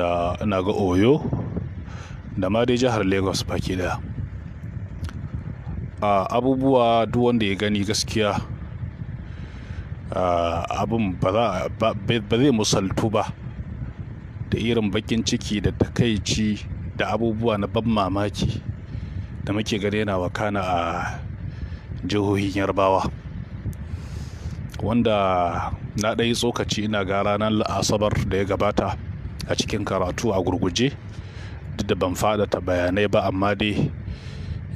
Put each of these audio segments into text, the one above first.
da ina ga oyo da ma dai jihar lagos baki a abubuwa duk wanda ya gani gaskiya abin ba zai musaltu ba da irin bakin ciki da takaici da abubuwa na ban mamaki da muke gani yana wakana a jihohin yarbawa wanda na ɗaya tsokaci ina ga ranar asabar da ya gabata a cikin karatu a gurguje duk da ban ta bayanai ba amma dai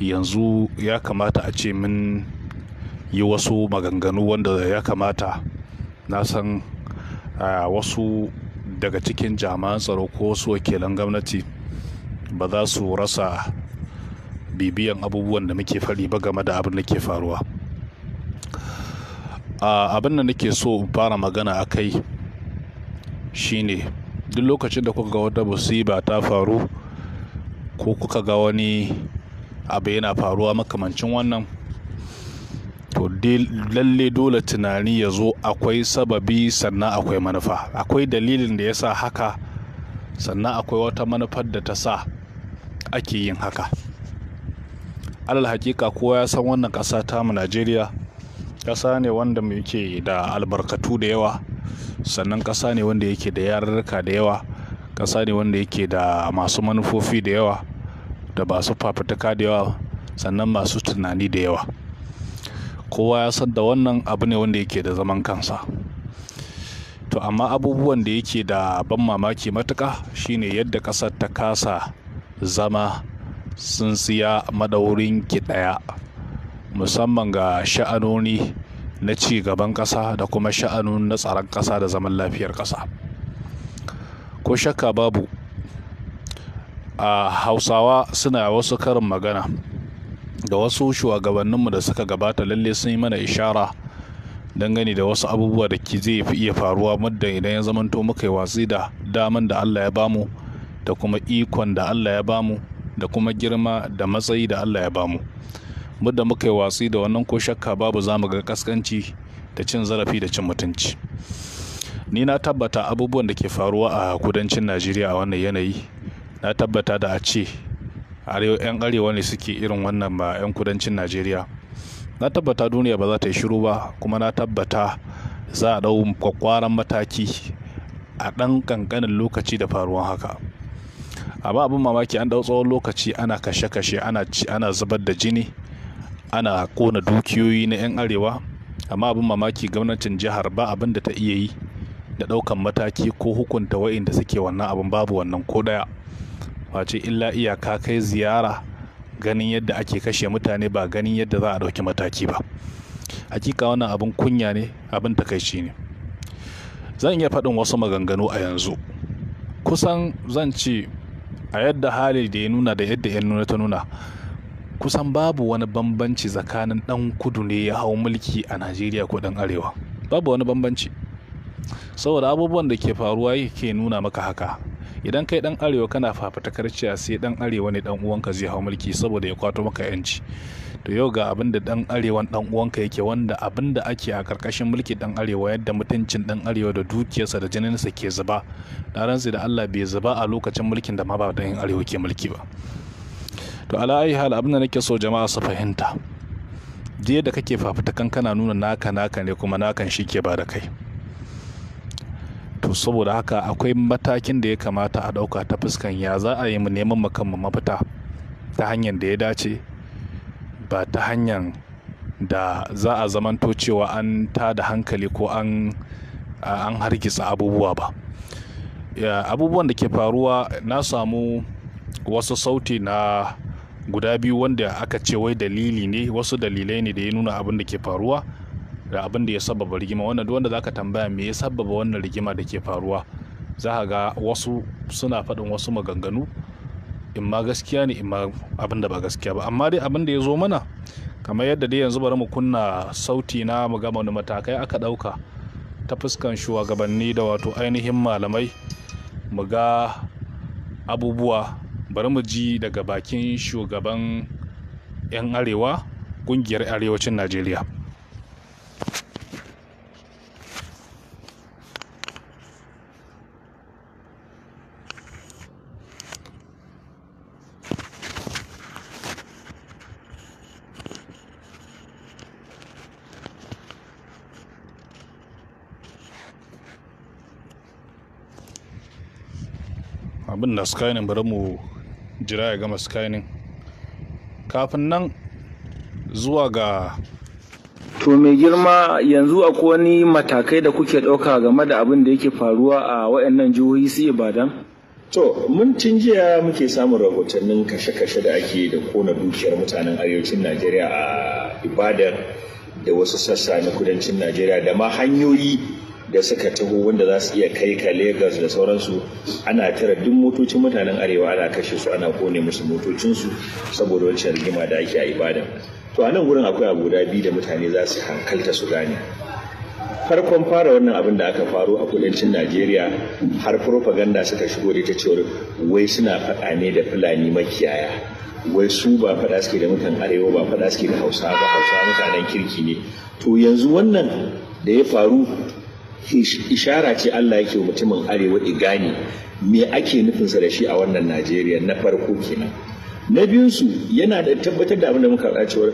yanzu ya kamata a ce mun yi wasu maganganu wanda ya kamata na san wasu daga cikin jami'an tsaro ko wasu wakilan gwamnati ba za su rasa bibiyan abubuwan da muke faɗi ba game da abin da ke faruwa abin da nake so in fara magana a kai shine duk lokacin da kuka ga wata musiba ta faru ko kuka ga wani abu yana faruwa makamancin wannan to lalle dole tunani ya zo akwai sababi sannan akwai manufa akwai dalilin da ya sa haka sannan akwai wata manufar da ta sa ake yin haka alal hakika kowa ya san wannan ƙasa tamu najeriya ƙasa ne wanda muke da albarkatu da yawa sannan ƙasa ne wanda yake da yarurruka da yawa ƙasa ne wanda yake da masu manufofi da yawa da masu fafutuka da yawa sannan masu tunani da yawa kowa ya san da wannan abu ne wanda yake da zaman kansa to amma abubuwan da yake da ban mamaki matuka shine yadda ƙasar ta kasa zama tsintsiya madaurin ki daya musamman ga sha'anoni na ci gaban ƙasa da kuma sha'anun na tsaron ƙasa da zaman lafiyar ƙasa ko shakka babu a hausawa suna wasu karin magana da wasu shugabanninmu da suka gabata lalle sun yi mana ishara dangane da wasu abubuwa da ke zai fi iya faruwa muddin idan ya zamanto muka yi watsi da daman da Allah ya bamu da kuma ikon da Allah ya bamu da kuma girma da matsayi da Allah ya bamu muda muka yi watsi da wannan ko shakka babu za mu ga kaskanci da cin zarafi da cin mutunci ni na tabbata abubuwan da ke faruwa a kudancin najeriya a wannan yanayi na tabbata da a ce yan arewa ne suke irin wannan ma yan kudancin najeriya na tabbata duniya ba za ta yi shiru ba kuma na tabbata za a ɗau kwakwaran mataki a ɗan ƙanƙanin lokaci da faruwan haka amma abin mamaki an ɗau tsawon lokaci ana kashe-kashe ana zubar da jini ana kona dukiyoyi na 'yan arewa amma abin mamaki gwamnatin jihar ba abin da ta iya yi da ɗaukan mataki ko hukunta wa'inda suke wannan abin babu wannan ko daya face illa iyaka kai ziyara ganin yadda ake kashe mutane ba ganin yadda za a ɗauki mataki ba hakika wannan abin kunya ne abin takaici ne zan iya faɗin wasu maganganu a yanzu kusan zan ce a yadda hali da ya nuna da yadda ya nuna ta nuna kusan babu wani bambanci tsakanin ɗan kudu ne ya hau mulki a najeriya ko ɗan arewa babu wani bambanci saboda abubuwan da ke faruwa ke nuna maka haka idan kai dan arewa kana fafatakar cewa sai ɗan arewa ne ɗan uwanka zai hau mulki saboda ya kwato maka yanci to yau ga abin da ɗan arewan ɗan uwanka yake wanda abin da ake a karkashin mulki ɗan arewa yadda mutuncin dan arewa da dukiyarsa da jininsa ke zuba da da Allah bai zuba a lokacin mulkin da ma ba ɗan arewa ke mulki ba to ala ayi hal abin da nake so jama'a su fahimta Jiya da kake fafutakan kankana nuna naka naka ne kuma nakan shi ke ba da kai to saboda haka akwai matakin da ya kamata a ɗauka ta fuskan ya za a yi mu neman mu makamman mafita ta hanyar da ya dace ba ta hanyar da za a zamanto cewa an ta da hankali ko an an hargitsa abubuwa ba abubuwan da ke faruwa na samu wasu sauti na guda biyu wanda aka ce wai dalili ne wasu dalilai ne da ya nuna abin da ke faruwa da abin da ya sababa rigima wannan duk wanda zaka tambaya me ya sababa wannan rigima da ke faruwa za ka ga wasu suna faɗin wasu maganganu in ma gaskiya ne in ma abin da ba gaskiya ba amma dai abin da ya zo mana kamar yadda dai yanzu bari mu kunna sauti na mu gama wani matakai aka ɗauka ta fuskan shugabanni da wato ainihin malamai mu ga abubuwa bari mu ji daga bakin shugaban 'yan arewa kungiyar arewacin najeriya abin da suka yi bari mu jira ya gama scanning kafin nan zuwa ga to mai girma yanzu akwai wani matakai da kuke ɗauka game da abin da yake faruwa a waɗannan jihohi su ibadan to mun tun jiya muke samun rahotannin kashe-kashe da ake da kona dukiyar mutanen arewacin najeriya a ibadar da wasu sassa na kudancin najeriya da ma hanyoyi da suka taho wanda za su iya kai ka Legas da sauransu ana tara duk motocin mutanen arewa ana kashe su ana kone musu motocinsu saboda wancan rigima da ake a Ibadan. To a nan wurin akwai abu biyu da mutane za su hankalta su gane. farkon fara wannan abin da aka faru a kudancin najeriya har propaganda suka shigo da ta cewar wai suna faɗa ne da fulani makiyaya wai su ba faɗa suke da mutan arewa ba faɗa suke da hausa ba hausa mutanen kirki ne to yanzu wannan da ya faru ishara ce Allah yake wa mutumin arewa igani me ake nufinsa da shi a wannan Najeriya na farko kenan na biyunsu yana da tabbatar da abin da muka faɗa cewar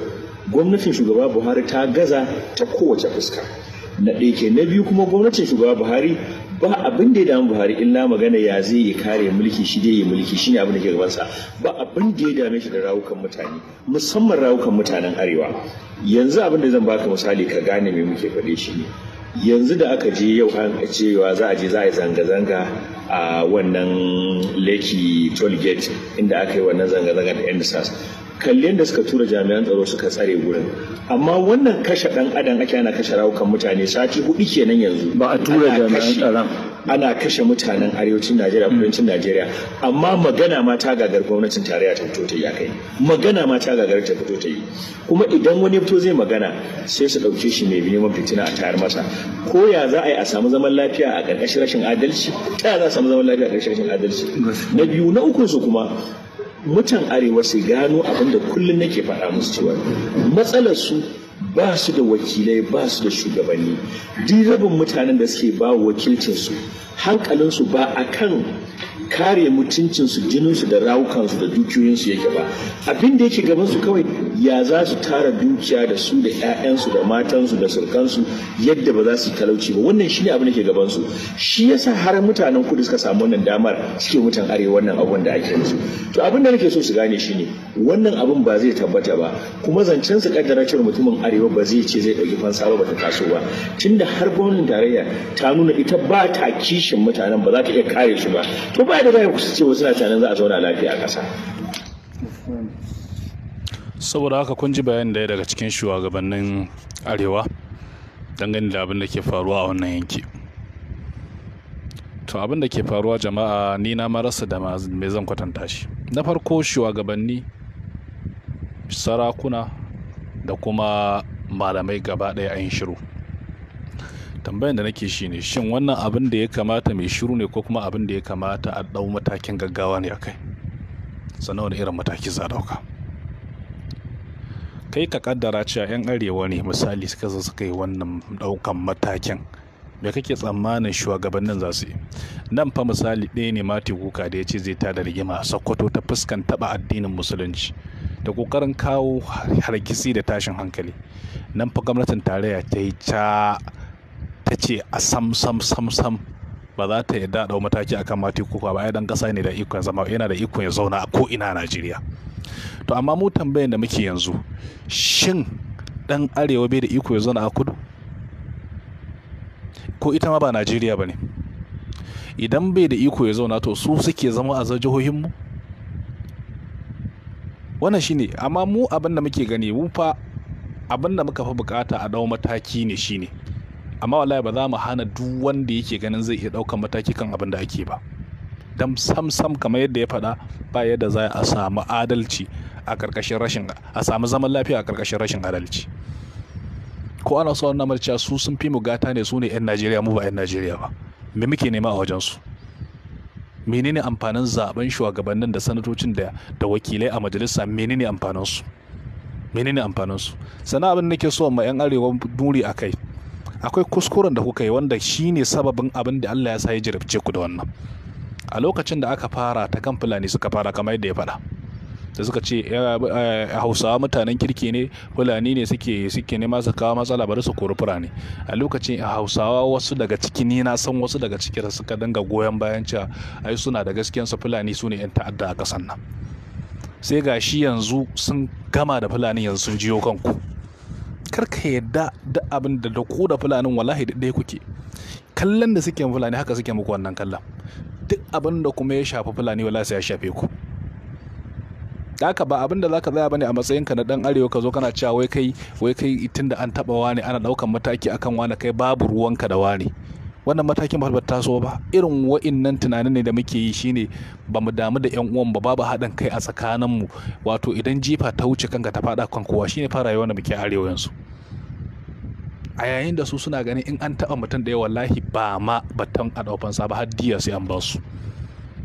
gwamnatin shugaba Buhari ta gaza ta kowace fuska na ɗaya ke na biyu kuma gwamnatin shugaba Buhari ba abin da ya dama Buhari illa magana ya zai yi kare mulki shi dai yi mulki shine abin da ke gabansa ba abin da ya dame shi da rawukan mutane musamman rawukan mutanen arewa yanzu abin da zan baka misali ka gane me muke faɗe shi ne yanzu da aka je yau an cewa za a je za a yi zanga-zanga a wannan leki tollgate inda aka yi wannan zanga-zanga da endsars kalliyar da suka tura jami'an tsaro suka tsare wurin, amma wannan kashe dan adam ake ana kashe rawukan mutane sati hudu kenan yanzu ba a tura jami'an tsaron ana kashe mutanen arewacin Najeriya kudancin Najeriya amma magana ma ta gagar gwamnatin tarayya ta fito ta yi akai magana ma ta gagar ta fito ta yi kuma idan wani fito zai magana sai su ɗauke shi mai neman fitina a tayar masa ko ya za a yi a samu zaman lafiya a ƙarƙashin rashin adalci ta za a samu zaman lafiya a ƙarƙashin rashin adalci na biyu na uku su kuma mutan arewa su gano abin da kullum nake faɗa musu cewa matsalar su ba su da wakilai ba su da shugabanni duk rabin mutanen da suke ba wakilcinsu hankalinsu ba a kan kare mutuncinsu jininsu da rawukansu da dukiyoyinsu yake ba abin da yake gabansu kawai ya za su tara dukiya da su da 'ya'yansu da matansu da surkansu yadda ba za su talauci ba wannan shi ne abin da ke gaban su shi yasa har mutanen kudu suka samu wannan damar suke mutan arewa wannan abun da ake musu to abin da nake so su gane shi ne, wannan abun ba zai tabbata ba kuma zancen su kaddara cewa mutumin arewa ba zai ce zai dauki fansa ba ta taso ba tunda har gwamnatin tarayya ta nuna ita ba ta kishin mutanen ba za ta iya kare su ba to ba da ba ku ce wasu na tanan za a zauna lafiya a ƙasa saboda haka kun ji bayanin daya daga cikin shugabannin arewa dangane da abin da ke faruwa a wannan yanki to abin da ke faruwa jama'a ni na marasa da me zan kwatanta shi na farko shugabanni sarakuna da kuma malamai gaba ɗaya ayin shiru tambayan da nake shi ne shin wannan abin da ya kamata mai shiru ne ko kuma abin da ya kamata a ɗau matakin gaggawa ne a kai sannan wani irin mataki za a ɗauka kai ka kaddara cewa 'yan arewa ne misali suka zo suka yi wannan daukan matakin me kake tsammanin shugabannin za su yi nan fa misali ɗaya ne mati kuka da ya ce zai tada rigima a sokoto ta fuskan taba addinin musulunci da ƙoƙarin kawo hargitsi da tashin hankali nan fa gwamnatin tarayya ta yi ta ta ce a sam sam sam sam ba za ta yi daɗa mataki akan mati kuka ba ya dan ƙasa ne da ikon zama yana da ikon ya zauna a ko ina a najeriya to amma mu tambayan da muke yanzu shin dan arewa bai da iko ya zana a kudu ko ita ma ba najeriya ba ne idan bai da iko ya zauna to su suke zama a jihohinmu wannan shine amma mu abin da muke gani mu fa abin da muka fi bukata a dau mataki ne shine amma wallahi ba za mu hana duk wanda yake ganin zai iya daukan mataki kan abin da ake ba dan sam sam kamar yadda ya faɗa ba yadda za a samu adalci a karkashin rashin a samu zaman lafiya a karkashin rashin adalci ko ana so wannan marciya su sun fi mu gata ne su ne yan Najeriya mu ba yan Najeriya ba me muke nema a wajen su menene amfanin zaben shugabannin da sanatocin da da wakilai a majalisa menene amfanin su menene amfanin su sana abin nake so ma yan arewa duri akai akwai kuskuren da kuka yi wanda shine sababin abin da Allah ya sa ya jarabce ku da wannan a lokacin da aka fara ta kan fulani suka fara kamar yadda ya fada da suka ce eh, hausawa mutanen kirki ne fulani ne suke suke ne masu kawo matsala bari su kori ne a lokacin hausawa wasu daga ciki ni na san wasu daga ciki suka dinga goyon bayan cewa ai suna da gaskiyan su fulani su ne yan ta'adda a kasan nan sai ga shi yanzu sun gama da fulani yanzu sun jiyo kanku kar ka yadda da abin da da ku da fulanin wallahi da ɗaya kuke kallon da suke fulani haka suke muku wannan kallon duk abin da kuma ya shafi fulani wala sai ya shafe ku Da haka ba abin da za ka zaya bane a matsayinka na dan arewa ka zo kana cewa wai kai wai kai tunda an taba wani ana daukan mataki akan wani kai babu ruwanka da wani wannan matakin ba ta ba irin wa'innan tunanin ne da muke yi shine ba mu damu da yan uwan ba babu haɗin kai a tsakanin mu wato idan jifa ta wuce kanka ta faɗa kan kowa shine fara yawan da muke arewa yanzu a yayin da su suna ganin in an taɓa mutum da yawa wallahi ba ma batun a sa ba har diya sai an basu su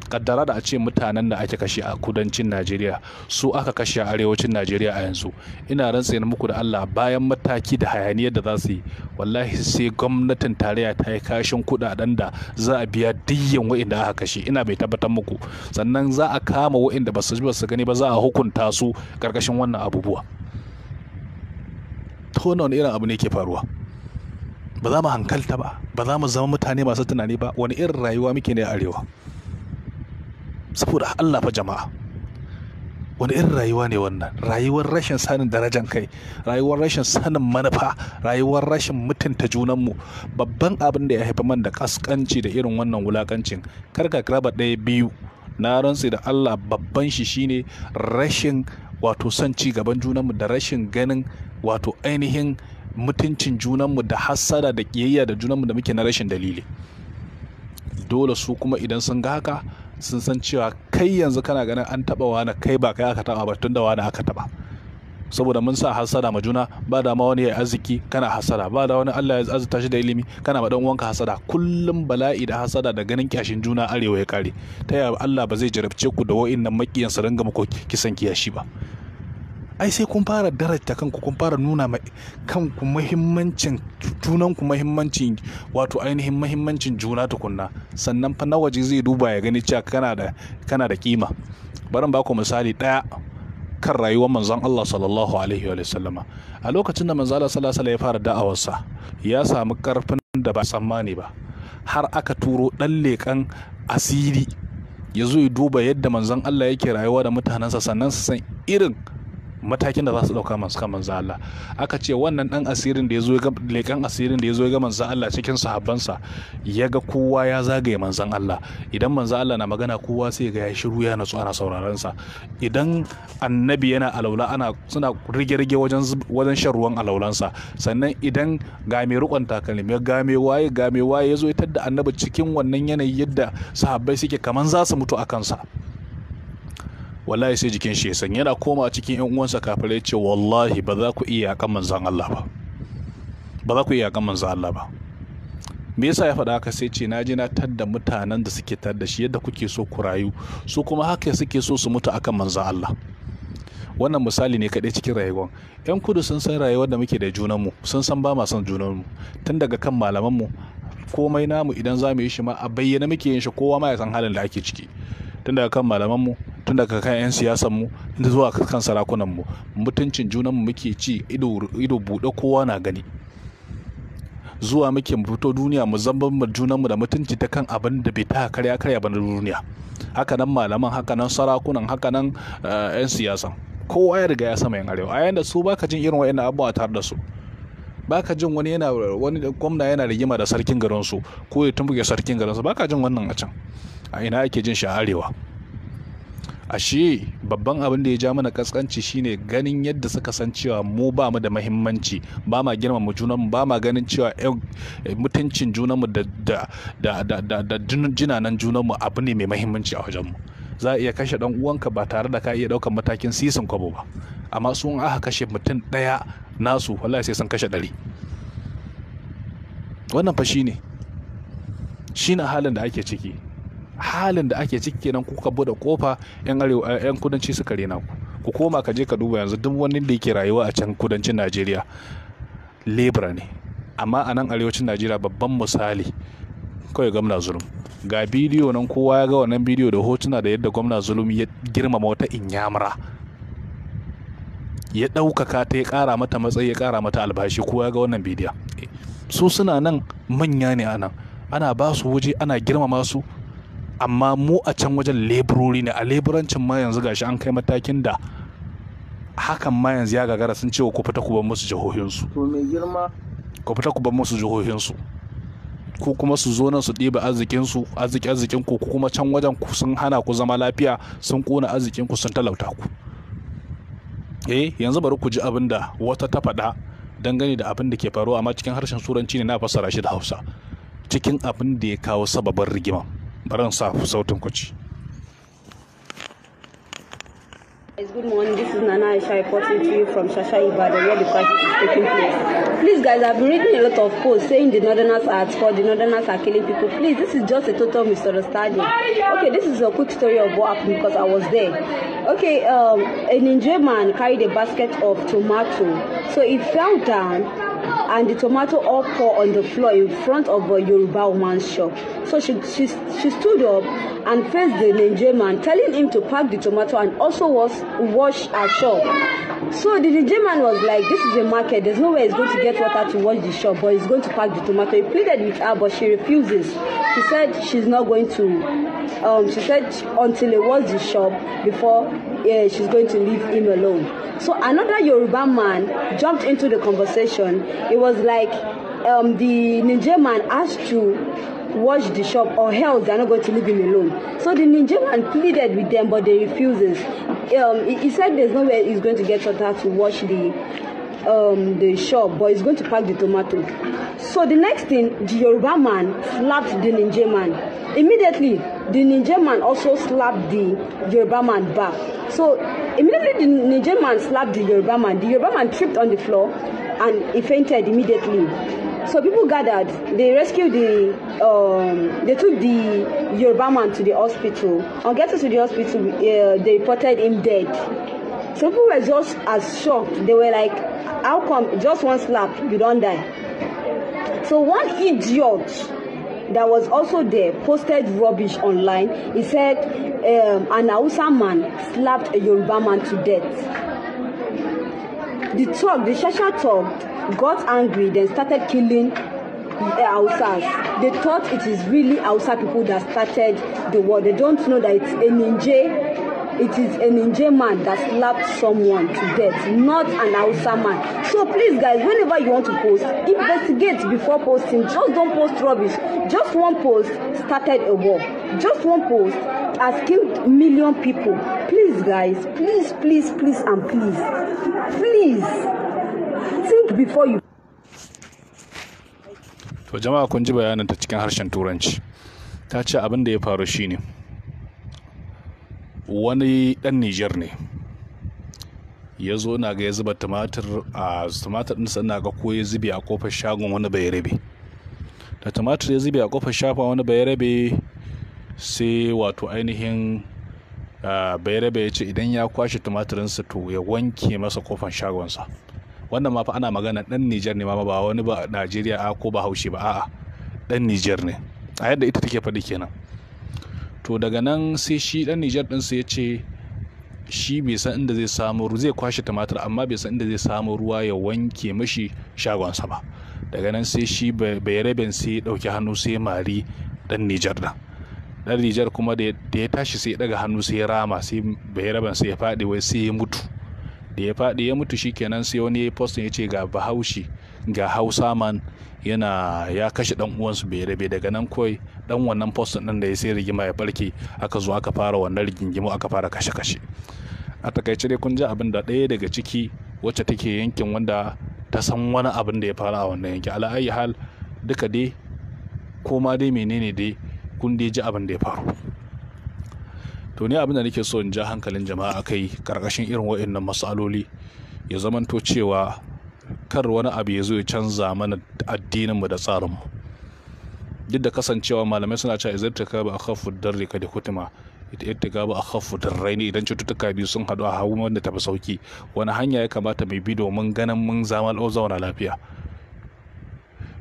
kaddara da a ce mutanen da ake kashe a kudancin najeriya su aka kashe a arewacin najeriya a yanzu ina rantsayin muku da allah bayan mataki da hayaniyar da za su yi wallahi sai gwamnatin tarayya ta yi kashin kudaden da za a biya diyan wa'inda aka kashe ina bai tabbatar muku sannan za a kama wa'inda ba ba su gani ba za a hukunta su karkashin wannan abubuwa ta wani irin abu ne ke faruwa ba za mu hankalta ba ba za mu zama mutane masu tunani ba wani irin rayuwa muke ne a arewa saboda Allah fa jama'a wani irin rayuwa ne wannan rayuwar rashin sanin darajan kai rayuwar rashin sanin manufa rayuwar rashin mutunta junanmu babban abin da ya haifi man da kaskanci da irin wannan wulakancin karka raba ɗaya biyu na rantsi da Allah babban shi shine rashin wato son ci gaban junanmu da rashin ganin wato ainihin mutuncin junanmu da hasara da ƙiyayya da junanmu da muke na rashin dalili dole su kuma idan sun ga haka sun san cewa kai yanzu kana ganin an taɓa wani kai ba kai aka taɓa ba tun da wani aka taɓa saboda mun sa hasada ma juna ba da ma wani ya arziki kana hasada ba da wani Allah ya azurta shi da ilimi kana ma dan uwanka hasada kullum bala'i da hasada da ganin kyashin juna arewa ya kare ta yaya Allah ba zai jarabce ku da wa'innan makiyan su ringa muku kisan kiyashi ba ai sai kun fara darajta kanku kun fara nuna kanku muhimmancin junanku muhimmancin wato ainihin muhimmancin juna tukunna sannan fa na waje zai duba ya gani cewa kana da kana da kima barin ba ku misali daya kan rayuwar manzon Allah sallallahu alaihi wa sallama a lokacin da manzon Allah sallallahu alaihi ya fara da'awarsa ya samu karfin da ba tsammani ba har aka turo dan leƙan asiri ya zo ya duba yadda manzon Allah yake rayuwa da mutanensa sannan su san irin matakin da za su ɗauka masu kan manzo Allah aka ce wannan ɗan asirin da ya zo leƙen asirin da ya zo ga manzo Allah cikin sahabbansa ya ga kowa ya zagaye manzan Allah idan manzo Allah na magana kowa sai ga ya shiru ya natsu ana sauraron sa idan annabi yana alaula ana suna rige-rige wajen wajen shan ruwan sa sannan idan ga mai rukon takalmi ga mai waye ga mai waye ya zo da annabi cikin wannan yanayi yadda sahabbai suke kaman za su mutu a kansa wallahi sai jikin shi ya sanya yana koma a cikin yan uwansa kafin ya ce wallahi ba za ku iya kan manzan Allah ba ba za ku iya kan manzan Allah ba me yasa ya faɗa haka sai ce na je na tadda mutanen da suke tadda shi yadda kuke so ku rayu su kuma haka suke so su mutu akan manzan Allah wannan misali ne kaɗai cikin rayuwar yan kudu sun san rayuwar da muke da junanmu sun san ba ma son junanmu tun daga kan mu komai namu idan za mu yi shi ma a bayyana muke yin shi kowa ma ya san halin da ake ciki tun daga kan malamanmu tun daga kan 'yan siyasanmu tun zuwa kan sarakunanmu mutuncin junanmu muke ci ido buɗe kowa na gani zuwa muke fito duniya mu zamban mu junanmu da mutunci ta kan abin da bai ta karya karya ba na duniya hakanan malaman hakanan sarakunan hakanan 'yan eh, siyasan kowa ya riga ya sama yan arewa a yayin da su baka jin irin wa'annan abubuwa tare da su baka jin wani yana wani gwamna yana rigima da sarkin garinsu ko ya tumbuke sarkin garinsu baka jin wannan a can a ina ake jin shi a arewa ashe babban abin da ya ja mana kaskanci shine ganin yadda suka san cewa mu ba mu da mahimmanci ba ma mu junanmu ba ma ganin cewa eh, mutuncin junanmu da da jinanan junanmu abu ne mai mahimmanci a wajen mu za a iya kashe dan uwanka ba tare da ka iya daukan matakin sisin kwabo ba amma sun aka kashe mutum daya nasu wallahi sai sun kashe ɗari wannan fa shine shine halin da ake ciki halin da ake ciki kenan kuka bude kofa yan arewa yan kudanci suka rena ku ku koma ka je ka duba yanzu duk wani da yake rayuwa a can kudancin Najeriya Libra ne amma a nan arewacin Najeriya babban misali kawai gwamna zulum ga bidiyo nan kowa ya ga wannan bidiyo da hotuna da yadda gwamna zulum ya girmama wata inyamura ya ɗaukaka ta ya kara mata matsayi ya kara mata albashi kowa ya ga wannan bidiyo su suna nan manya ne a nan ana ba su waje ana girmama su amma mu a can wajen leburori ne a leburancin ma yanzu gashi an kai matakin da hakan ma yanzu ya gagara sun wa ku fita ku bar musu jihohinsu to mai girma ku fita ku bar musu jihohinsu ko kuma su zo nan su ɗiba arzikinsu arziki arzikin ku kuma can wajen ku sun hana ku zama lafiya sun kona arzikin ku sun talauta ku eh yanzu bari ku ji abin da wata ta faɗa dangane da abin da ke faruwa amma cikin harshen suranci ne na fassara shi da Hausa cikin abin da ya kawo sababin rigima baran sa sautin ku good morning. This is Nana Aisha reporting to you from Shasha Ibadan, where the crisis is taking place. Please, guys, I've been reading a lot of posts saying the Northerners are at fault, the Northerners are killing people. Please, this is just a total misunderstanding. Okay, this is a quick story of what happened because I was there. Okay, um, a ninja man carried a basket of tomato, so he fell down and the tomato all pour on the floor in front of a Yoruba woman's shop. So she, she, she stood up and faced the Nigerian man, telling him to pack the tomato and also was, wash her shop. So the Nigerian man was like, This is a market, there's no way he's going to get water to wash the shop, but he's going to pack the tomato. He pleaded with her, but she refuses. She said she's not going to, um, she said until he washes the shop before yeah, she's going to leave him alone. So another Yoruba man jumped into the conversation. He it was like um, the ninja man asked to watch the shop or hell, they're not going to leave him alone. So the ninja man pleaded with them, but they refuses. Um, he, he said there's no way he's going to get Sota to watch the um, the shop, but he's going to pack the tomato. So the next thing, the Yoruba man slapped the Ninja man. Immediately, the Ninja man also slapped the Yoruba man back. So immediately the Ninja man slapped the Yoruba man. The Yoruba man tripped on the floor and he fainted immediately. So people gathered. They rescued the. Um, they took the Yoruba man to the hospital. On getting to the hospital, uh, they reported him dead. So people were just as shocked. They were like, "How come just one slap you don't die?" So one idiot that was also there posted rubbish online. He said um, an Hausa man slapped a Yoruba man to death. The Thug, the Shasha Thug, got angry, then started killing the eh, Hausas. They thought it is really Hausa people that started the war. They don't know that it's a ninja. It is a ninja man that slapped someone to death, not an Hausa man. So please, guys, whenever you want to post, investigate before posting. Just don't post rubbish. Just one post started a war. just one post has killed million people please guys please please please and please please think before you to jama'a kun ji bayanin ta cikin harshen turanci ta ce abin da ya faru shi ne. wani dan Nijar ne ya zo na ga ya zuba tumatir a tumatir ɗinsa na ga ko ya zube a kofar shagon wani bai rabe da tumatir ya zube a kofar shafa wani bai rabe sai wato ainihin bayarabe ya ce idan ya kwashe tumatirinsa to ya wanke masa kofan shagonsa wannan ma fa ana magana dan Nijar ne ma ba wani ba Najeriya a ko ba haushe ba a'a dan Nijar ne a yadda ita take faɗi kenan to daga nan sai shi dan Nijar ɗinsa ya ce shi bai san inda zai samu zai kwashe tumatir amma bai san inda zai samu ruwa ya wanke mashi shagonsa ba daga nan sai shi bai sai ya ɗauki hannu sai mari dan Nijar ɗin dan rijar kuma da ya tashi sai ya daga hannu sai ya rama sai bai raban sai ya faɗi wai sai ya mutu da ya faɗi ya mutu shi shikenan sai wani ya postin ya ce ga bahaushe ga hausa man yana ya kashe dan uwansu bai rabe daga nan kawai dan wannan postin din da ya sai rigima ya barke aka zo aka fara wannan rigingimu aka fara kashe kashe a takaice dai kun ji abin da ɗaya daga ciki wacce take yankin wanda ta san wani abin da ya fara a wannan yanki ala hal duka dai ko ma dai menene dai kun dai ji abin da ya faru to ne abin da nake so in ja hankalin jama'a akai karkashin irin wa'annan matsaloli ya zamanto cewa kar wani abu ya zo ya canza mana mu da tsarinmu duk da kasancewa malamai suna cewa izar ta kaba a kafu darri ka da kutuma ita yadda gaba a kafu ne idan cututtuka biyu sun haɗu a hagu wanda ta fi sauki wani hanya ya kamata mai bi domin ganin mun zama zauna lafiya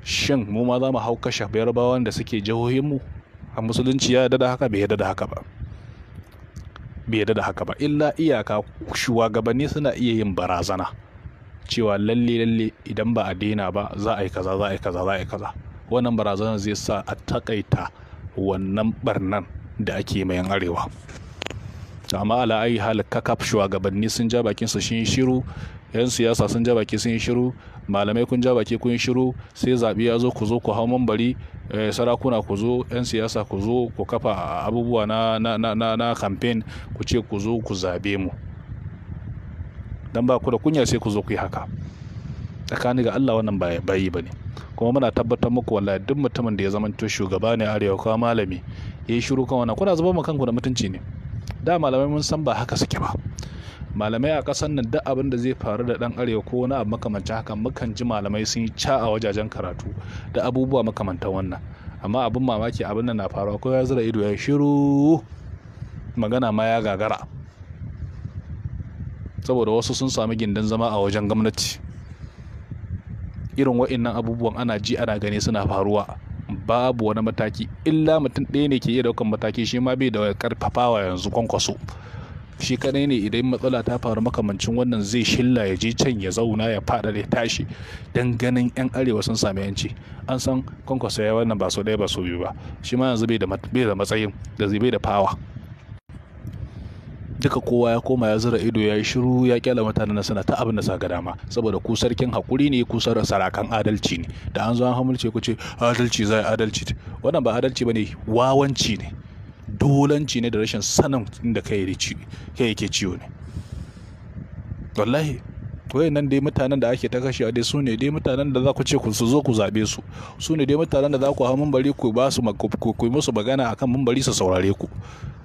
shin mu ma za mu hau kashe yarbawan da suke mu a musulunci ya yarda da haka bai yarda da haka ba bai yarda da haka ba illa iyaka shugabanni suna iya yin barazana cewa lalle lalle idan ba a daina ba za a yi kaza za a yi kaza za a yi kaza wannan barazana zai sa a takaita wannan barnan da ake mayan arewa amma ala ayi hal kakaf shugabanni sun ja bakin su shiru yan siyasa sun ja baki sun yi shiru malamai kun ja baki kun yi shiru sai zaɓe ya zo ku zo ku hau mambari eh, sarakuna ku zo yan siyasa ku zo ku kafa abubuwa na na ku ce ku zo ku zaɓe mu dan ba ku da kunya sai ku zo ku yi haka tsakani ga Allah wannan bayi ne kuma muna tabbatar muku wallahi duk mutumin da ya zama to shugaba ne arewa ko malami ya yi shiru kan wannan kuna zuba mu kanku da mutunci ne da malamai mun san ba haka suke ba malamai a ƙasar nan duk abin da zai faru da ɗan arewa ko wani abu makamancin haka mukan ji malamai sun yi ca a wajajen karatu da abubuwa makamantan wannan amma abin mamaki abin nan na faruwa ko ya zira ido ya shiru magana ma ya gagara saboda wasu sun sami gindin zama a wajen gwamnati irin wa'innan abubuwan ana ji ana gani suna faruwa babu wani mataki illa mutum ɗaya ne ke iya daukan mataki shi ma bai da karfafawa yanzu kwankwaso shi kadai ne idan matsala ta faru makamancin wannan zai shilla ya je can ya zauna ya fada da tashi dan ganin yan arewa sun sami yanci an san kwankwasa ya wannan ba so daya ba so biyu ba shi ma yanzu bai da matsayin da zai bai da fawa duka kowa ya koma ya zura ido ya yi shiru ya kyala mutanen sana ta abin da sa ga dama saboda ku sarkin hakuri ne ku sarakan adalci ne da an zo an hamulce ku ce adalci zai adalci wannan ba adalci bane wawanci ne dolanci ne da rashin sanin inda kai yake ciwo ne wallahi nan dai mutanen da ake ta kashewa dai su ne dai mutanen da za ku ce su zo ku zaɓe su su ne dai mutanen da za ku hau bari ku ba su ku musu magana akan bari su saurare ku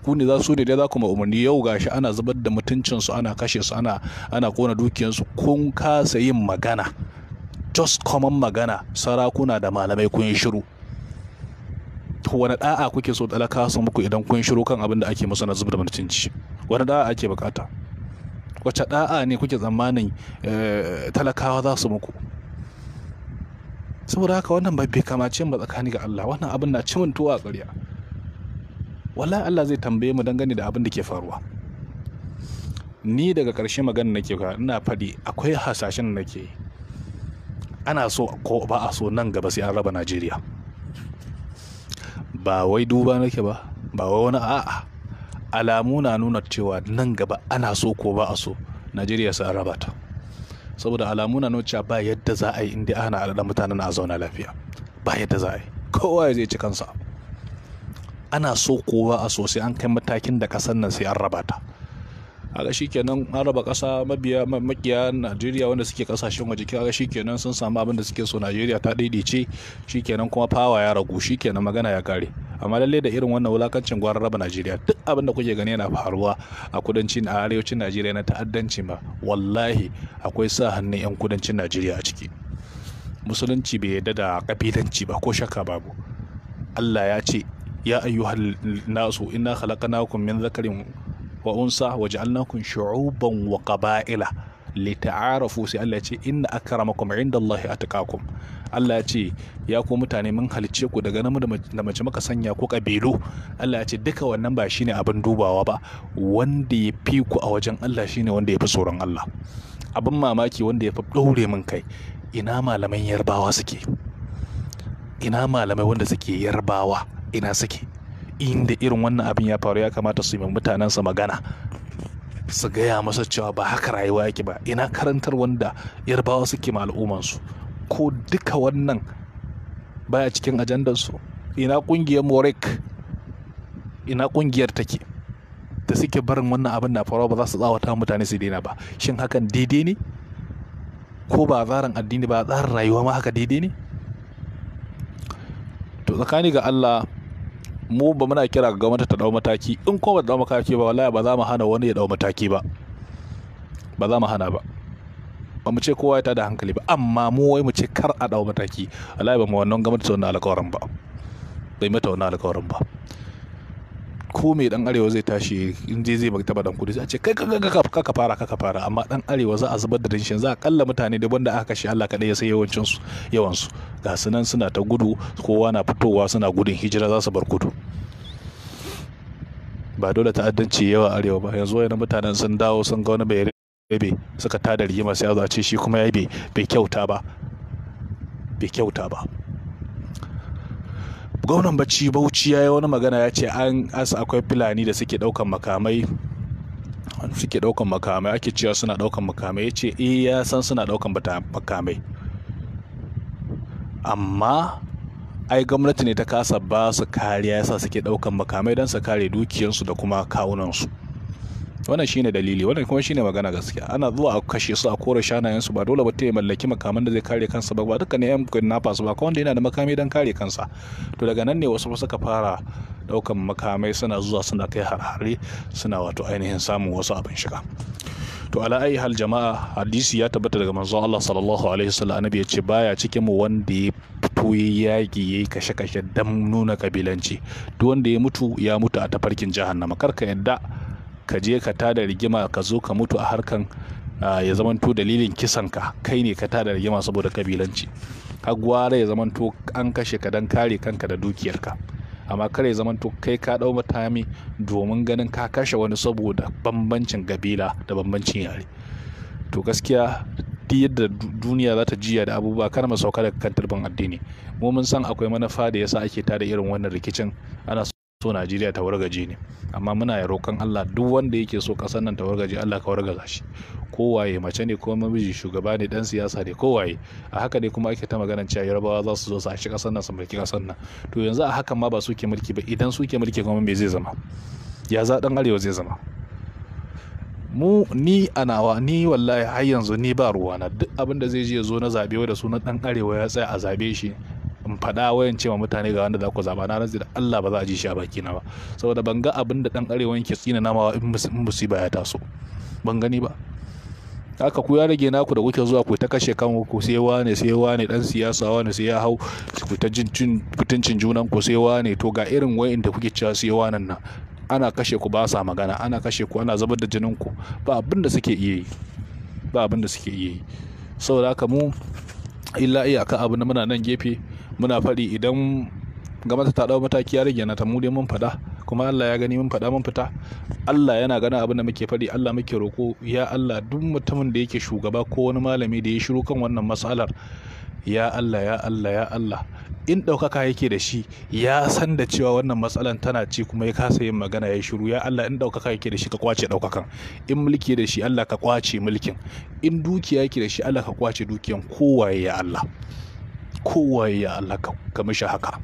ku ne za su ne dai za ku ma umarni yau gashi ana zubar da mutuncin su ana kashe su ana ana kona dukiyar su kun kasa yin magana just common magana sarakuna da malamai kun yi shiru wani da'a kuke so talaka su muku idan kun shiru kan abin da ake musu na zubar mutunci wani da'a ake bukata wacce da'a ne kuke tsammanin eh, talakawa za su muku saboda haka wannan bai kamace mu tsakani ga Allah wannan abin na cimin tuwa a ƙarya wallahi Allah zai tambaye mu dangane da abin da ke faruwa ni daga ƙarshe magana nake ka ina faɗi akwai hasashen nake ana so ko ba a so nan gaba sai an raba Najeriya ba wai duba nake ba ba wai wani a'a alamu na nuna cewa nan gaba ana so ko ba a so najeriya sun raba ta saboda alamu na nuna cewa ba yadda za a yi inda ana alaɗa mutanen a zauna lafiya ba yadda za a yi kowa ya zai ci kansa ana so kowa a so sai an kai matakin da ƙasar nan sai an raba ta kaga shikenan an raba kasa mabiya makiya Najeriya wanda suke kasashen waje ga shikenan sun samu abin da suke so Najeriya ta daidaice shikenan kuma fawa ya ragu shikenan magana ya kare amma lalle da irin wannan wulakancin gwaran raba Najeriya duk abin da kuke gani yana faruwa a kudancin a arewacin Najeriya na ta'addanci ma wallahi akwai sa hannun yan kudancin Najeriya a ciki musulunci bai yadda da kabilanci ba ko shakka babu Allah ya ce ya ayyuhal nasu inna khalaqnakum min zakarin wa unsa wa ja'alnakum shu'uban wa qaba'ila lita'arafu sai Allah ya ce inna akramakum indallahi atqakum Allah ya ce ya ku mutane mun halice ku daga namu da mace muka sanya ku kabilu Allah ya ce duka wannan ba shine abin dubawa ba wanda ya fi ku a wajen Allah shine wanda ya fi tsoron Allah abin mamaki wanda ya fi daure min kai ina malaman yarbawa suke ina malamai wanda suke yarbawa ina suke inda irin wannan abin ya faru ya kamata su yi mutanensa magana su gaya masa cewa ba haka rayuwa yake ba ina karantar wanda yarbawa suke ma al'ummansu ko duka wannan baya cikin ajandarsu ina kungiyar morik ina kungiyar take da suke barin wannan abin na faruwa ba za su tsawata mutane su daina ba shin hakan daidai ne ko ba tsarin addini ba tsarin rayuwa ma haka daidai ne to tsakani ga allah mu ba muna kira ga gwamnati ta dau mataki in ko ba ta dau mataki ba wallahi ba za mu hana wani ya dau mataki ba ba za mu hana ba ba mu ce kowa ya tada hankali ba amma mu wai mu ce kar a dau mataki wallahi ba mu wannan gwamnati ta wannan alƙawarin ba bai mata wannan alƙawarin ba ko mai dan arewa zai tashi in je zai taba dan kudu a ce kai ka fara kaka fara amma dan arewa za a zubar da rinshin za a kalla mutane da wanda aka kashe Allah kadai ya sai yawancin su yawan ga sunan suna ta gudu kowa na fitowa suna gudun hijira za su bar kudu ba dole ta'addanci yawa arewa ba yanzu wayan mutanen sun dawo sun ga wani bai rabe suka tada rigima sai a a ce shi kuma ya bai kyauta ba bai kyauta ba gwamnan bacci bauchi ya yi wani magana ya ce an asa akwai fulani da suke ɗaukan makamai suke daukan makamai ake cewa suna ɗaukan makamai ya ce eh ya san suna ɗaukan makamai amma ai gwamnati ne ta kasa ba su kariya yasa suke ɗaukan makamai don su kare dukiyansu da kuma kawunansu wannan shine dalili wannan kuma shine magana gaskiya ana zuwa a kashe su a kore shanayen su ba dole ba ya mallaki makaman da zai kare kansa ba ba duka ne yan kidnapper su ba ko wanda yana da makami dan kare kansa to daga nan ne wasu suka fara daukan makamai suna zuwa suna kai harhare suna wato ainihin samun wasu abin shiga to ala ayi hal jama'a hadisi ya tabbata daga manzon Allah sallallahu alaihi wasallam annabi ya ce baya cikin mu wanda ya fito ya yaki yayi kashe kashe dan nuna kabilanci duk wanda ya mutu ya mutu a tafarkin jahannama karka yadda ka je ka tada rigima ka zo ka mutu a harkan ya zamanto dalilin kisan ka kai ne ka tada rigima saboda kabilanci har gwara ya zamanto an kashe ka dan kare kanka da dukiyarka amma kar ya zamanto kai ka dau matami domin ganin ka kashe wani saboda bambancin kabila da bambancin yare to gaskiya duk yadda duniya za ta jiya da abubuwa kar mu sauka daga kan addini mu mun san akwai manufa da yasa ake tada irin wannan rikicin ana so Najeriya ta wargaje ne amma muna ya roƙon Allah duk wanda yake so ƙasar nan ta wargaje Allah ka wargaza shi kowaye mace ne ko namiji shugaba ne dan siyasa ne kowaye a haka ne kuma ake ta magana cewa Yarbawa za su zo su ashi ƙasar nan su mulki ƙasar nan to yanzu a hakan ma ba su ke mulki ba idan suke mulki kuma me zai zama ya za dan arewa zai zama mu ni a nawa ni wallahi har yanzu ni ba ruwana duk abin da zai je zo na zabe da sunan dan arewa ya tsaya a zabe shi in faɗa wayan cewa mutane ga wanda za ku zama na zai da Allah ba za a ji shi a baki na ba saboda ban ga abin da ɗan arewa yake tsina namawa in musiba ya taso ban gani ba haka ku ya rage naku da kuke zuwa ku ta kashe kan ku sai wane sai wane dan siyasa wane sai ya hau ku ta jin kutuncin junan ku sai wane to ga irin wayin da kuke cewa sai wanan nan ana kashe ku ba sa magana ana kashe ku ana zubar da jinin ku ba abin da suke iya yi ba abin da suke iya yi saboda haka mu illa iyaka abu na muna nan gefe muna faɗi idan gamata ta ɗau mataki ya rage ta mu dai mun faɗa kuma Allah ya gani mun faɗa mun fita Allah yana gana abin da muke faɗi Allah muke roko ya Allah duk mutumin da yake shugaba ko wani malami da ya shiru kan wannan matsalar ya Allah ya Allah ya Allah in ɗaukaka yake da shi ya san da cewa wannan matsalan tana ci kuma ya kasa yin magana ya shiru ya Allah in ɗaukaka yake da shi ka kwace ɗaukakan in mulki da shi Allah ka kwace mulkin in dukiya yake da shi Allah ka kwace dukiyan kowaye ya Allah kowa ya Allah ka mishi haka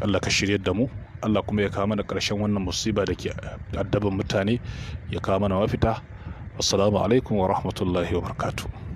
Allah ka shiryar da mu Allah kuma ya kawo mana ƙarshen wannan musiba da ke addaban mutane ya kawo mana mafita assalamu alaikum wa rahmatullahi wa barakatuh